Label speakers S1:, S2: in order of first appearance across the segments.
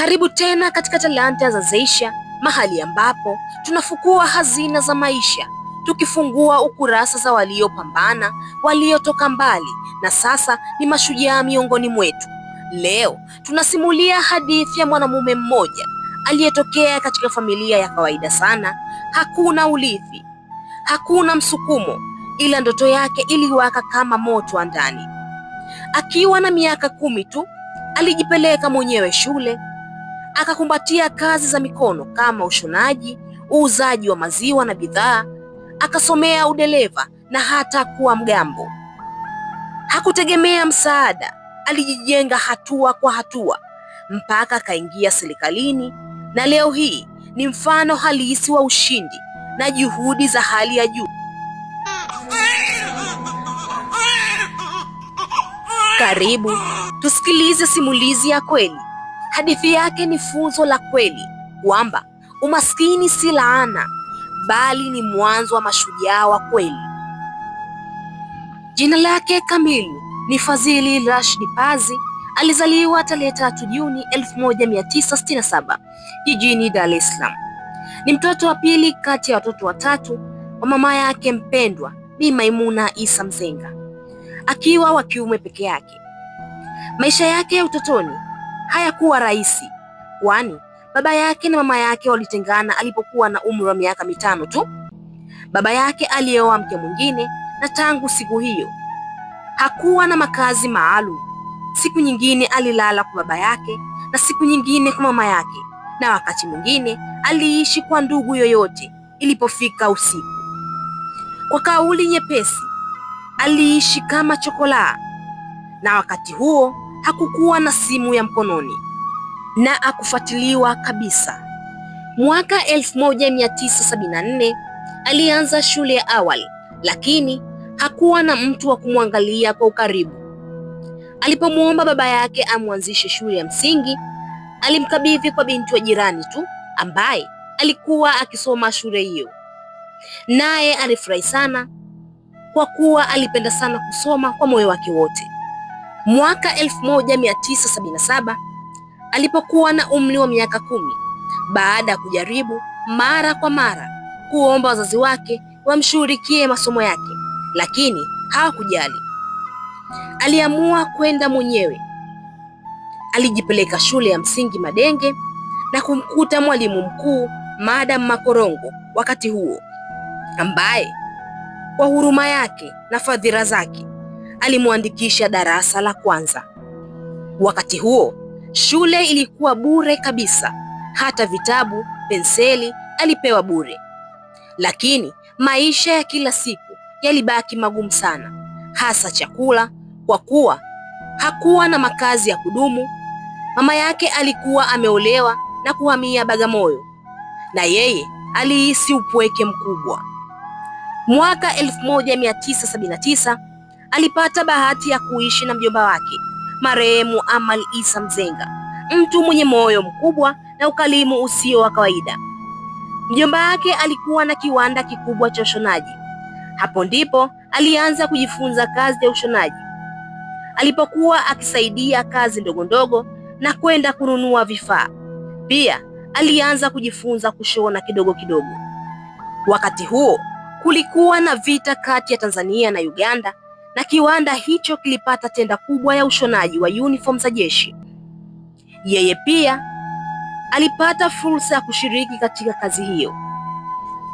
S1: Karibu tena katika Talanta za Zeysha, mahali ambapo tunafukua hazina za maisha, tukifungua ukurasa za waliopambana, waliotoka mbali na sasa ni mashujaa miongoni mwetu. Leo tunasimulia hadithi ya mwanamume mmoja aliyetokea katika familia ya kawaida sana. Hakuna urithi, hakuna msukumo, ila ndoto yake iliwaka kama moto wa ndani. Akiwa na miaka kumi tu alijipeleka mwenyewe shule akakumbatia kazi za mikono kama ushonaji, uuzaji wa maziwa na bidhaa, akasomea udereva na hata kuwa mgambo. Hakutegemea msaada, alijijenga hatua kwa hatua mpaka akaingia serikalini, na leo hii ni mfano halisi wa ushindi na juhudi za hali ya juu. Karibu tusikilize simulizi ya kweli Hadithi yake ni funzo la kweli kwamba umaskini si laana, bali ni mwanzo wa mashujaa wa kweli. Jina lake kamili ni fazili Rashid Pazi. Alizaliwa tarehe 3 Juni 1967 jijini Dar es Salaam. Ni mtoto wa pili kati ya watoto watatu wa mama yake mpendwa Bi Maimuna Isa Mzenga, akiwa wa kiume peke yake. Maisha yake ya utotoni hayakuwa rahisi, kwani baba yake na mama yake walitengana alipokuwa na umri wa miaka mitano tu. Baba yake alioa mke mwingine, na tangu siku hiyo hakuwa na makazi maalum. Siku nyingine alilala kwa baba yake na siku nyingine kwa mama yake, na wakati mwingine aliishi kwa ndugu yoyote. Ilipofika usiku, kwa kauli nyepesi, aliishi kama chokolaa, na wakati huo hakukuwa na simu ya mkononi na akufuatiliwa kabisa. Mwaka 1974 alianza shule ya awali, lakini hakuwa na mtu wa kumwangalia kwa ukaribu. Alipomwomba baba yake amwanzishe shule ya msingi, alimkabidhi kwa binti wa jirani tu ambaye alikuwa akisoma shule hiyo, naye alifurahi sana kwa kuwa alipenda sana kusoma kwa moyo wake wote. Mwaka 1977 alipokuwa na umri wa miaka kumi, baada ya kujaribu mara kwa mara kuomba wazazi wake wamshughulikie masomo yake, lakini hawakujali, aliamua kwenda mwenyewe. Alijipeleka shule ya msingi Madenge na kumkuta mwalimu mkuu Madam Makorongo wakati huo, ambaye kwa huruma yake na fadhila zake alimwandikisha darasa la kwanza. Wakati huo shule ilikuwa bure kabisa, hata vitabu, penseli alipewa bure. Lakini maisha ya kila siku yalibaki magumu sana, hasa chakula, kwa kuwa hakuwa na makazi ya kudumu. Mama yake alikuwa ameolewa na kuhamia Bagamoyo, na yeye alihisi upweke mkubwa. Mwaka 1979 alipata bahati ya kuishi na mjomba wake marehemu Amal Isa Mzenga, mtu mwenye moyo mkubwa na ukalimu usio wa kawaida. Mjomba wake alikuwa na kiwanda kikubwa cha ushonaji. Hapo ndipo alianza kujifunza kazi ya ushonaji, alipokuwa akisaidia kazi ndogo ndogo na kwenda kununua vifaa. Pia alianza kujifunza kushona kidogo kidogo. Wakati huo kulikuwa na vita kati ya Tanzania na Uganda na kiwanda hicho kilipata tenda kubwa ya ushonaji wa uniform za jeshi. Yeye pia alipata fursa ya kushiriki katika kazi hiyo.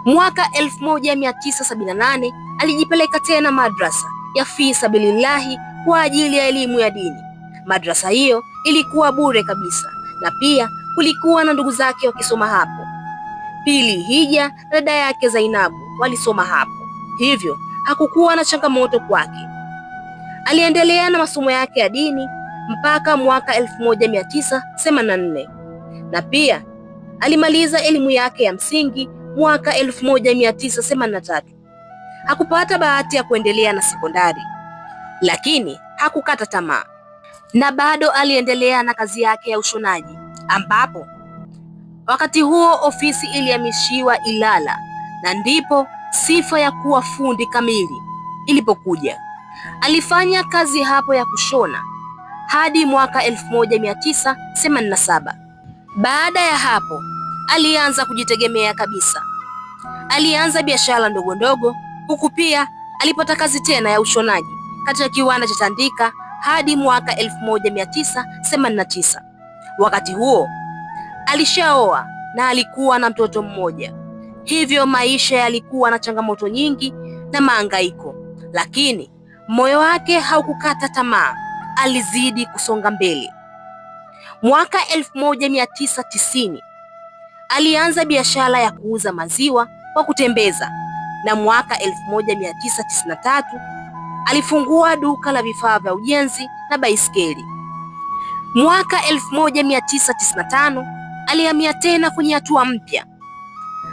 S1: Mwaka 1978 alijipeleka tena madrasa ya fi sabilillahi kwa ajili ya elimu ya dini. Madrasa hiyo ilikuwa bure kabisa na pia kulikuwa na ndugu zake wakisoma hapo. Pili Hija na dada yake Zainabu walisoma hapo, hivyo hakukuwa na changamoto kwake. Aliendelea na masomo yake ya dini mpaka mwaka 1984 na pia alimaliza elimu yake ya msingi mwaka 1983. Hakupata bahati ya kuendelea na sekondari, lakini hakukata tamaa na bado aliendelea na kazi yake ya ushonaji, ambapo wakati huo ofisi ilihamishiwa Ilala na ndipo sifa ya kuwa fundi kamili ilipokuja. Alifanya kazi hapo ya kushona hadi mwaka 1987. Baada ya hapo alianza kujitegemea kabisa. Alianza biashara ndogo ndogo, huku pia alipata kazi tena ya ushonaji katika kiwanda cha Tandika hadi mwaka 1989. Wakati huo alishaoa na alikuwa na mtoto mmoja, hivyo maisha yalikuwa na changamoto nyingi na maangaiko, lakini Moyo wake haukukata tamaa, alizidi kusonga mbele. Mwaka 1990 alianza biashara ya kuuza maziwa kwa kutembeza, na mwaka 1993 alifungua duka la vifaa vya ujenzi na baisikeli. Mwaka 1995 alihamia tena kwenye hatua mpya.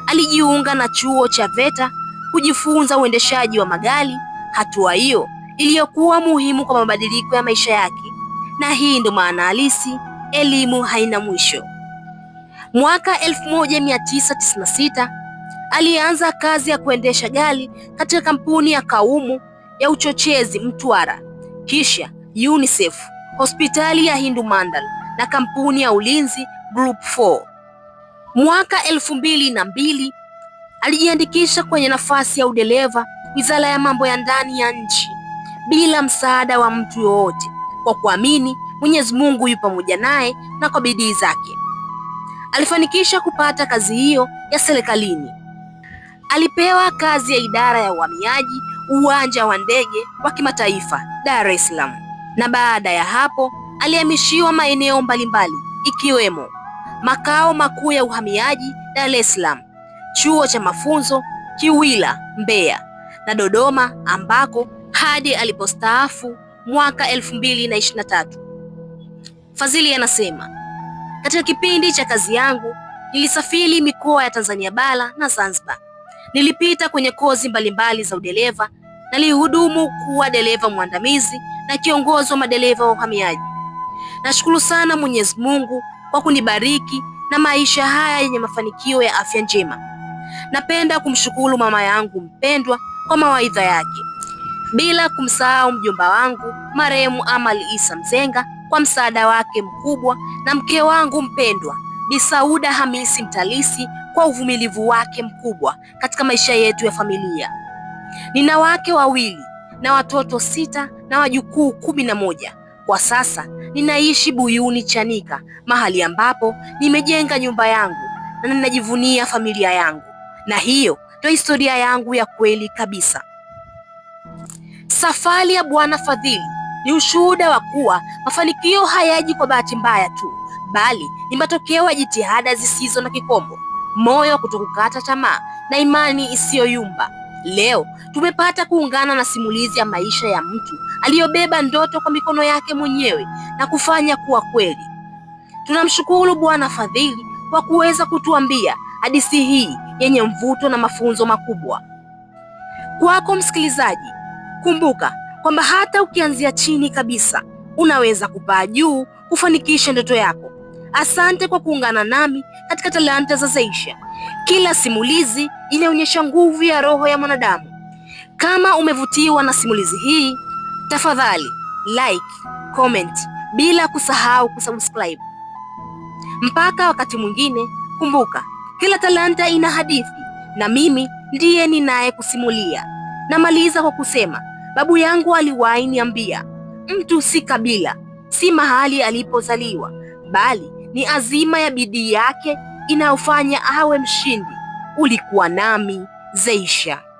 S1: Alijiunga na chuo cha VETA kujifunza uendeshaji wa magari. Hatua hiyo iliyokuwa muhimu kwa mabadiliko ya maisha yake, na hii ndio maana halisi elimu haina mwisho. Mwaka 1996 alianza kazi ya kuendesha gari katika kampuni ya Kaumu ya uchochezi Mtwara, kisha UNICEF, hospitali ya Hindu Mandal na kampuni ya ulinzi Group 4. Mwaka 2002 alijiandikisha kwenye nafasi ya udereva Wizara ya Mambo ya Ndani ya nchi bila msaada wa mtu yoyote, kwa kuamini Mwenyezi Mungu yu pamoja naye na kwa bidii zake alifanikisha kupata kazi hiyo ya serikalini. Alipewa kazi ya idara ya uhamiaji uwanja wa ndege wa kimataifa Dar es Salaam, na baada ya hapo alihamishiwa maeneo mbalimbali ikiwemo makao makuu ya uhamiaji Dar es Salaam, chuo cha mafunzo Kiwila Mbeya na Dodoma ambako hadi alipostaafu mwaka 2023. fazili anasema, katika kipindi cha kazi yangu nilisafiri mikoa ya Tanzania bara na Zanzibar. Nilipita kwenye kozi mbalimbali za udereva na nilihudumu kuwa dereva mwandamizi na kiongozi wa madereva wa uhamiaji. Nashukuru sana Mwenyezi Mungu kwa kunibariki na maisha haya yenye mafanikio ya afya njema. Napenda kumshukuru mama yangu mpendwa kwa mawaidha yake bila kumsahau mjomba wangu marehemu amal Isa Mzenga kwa msaada wake mkubwa na mke wangu mpendwa Bi Sauda Hamisi Mtalisi kwa uvumilivu wake mkubwa katika maisha yetu ya familia. Nina wake wawili na watoto sita na wajukuu kumi na moja. Kwa sasa ninaishi Buyuni Chanika, mahali ambapo nimejenga nyumba yangu na ninajivunia familia yangu, na hiyo ndio historia yangu ya kweli kabisa. Safari ya Bwana Fadhili ni ushuhuda wa kuwa mafanikio hayaji kwa bahati mbaya tu, bali ni matokeo ya jitihada zisizo na kikomo, moyo wa kutokukata tamaa na imani isiyoyumba. Leo tumepata kuungana na simulizi ya maisha ya mtu aliyobeba ndoto kwa mikono yake mwenyewe na kufanya kuwa kweli. Tunamshukuru Bwana Fadhili kwa kuweza kutuambia hadithi hii yenye mvuto na mafunzo makubwa. Kwako msikilizaji, Kumbuka kwamba hata ukianzia chini kabisa unaweza kupaa juu kufanikisha ndoto yako. Asante kwa kuungana nami katika Talanta za Zeysha. Kila simulizi inaonyesha nguvu ya roho ya mwanadamu. Kama umevutiwa na simulizi hii, tafadhali like, comment bila kusahau kusubscribe. Mpaka wakati mwingine, kumbuka kila talanta ina hadithi na mimi ndiye ninaye kusimulia. Namaliza kwa kusema Babu yangu aliwahi niambia, mtu si kabila, si mahali alipozaliwa, bali ni azima ya bidii yake inayofanya awe mshindi. Ulikuwa nami Zeysha.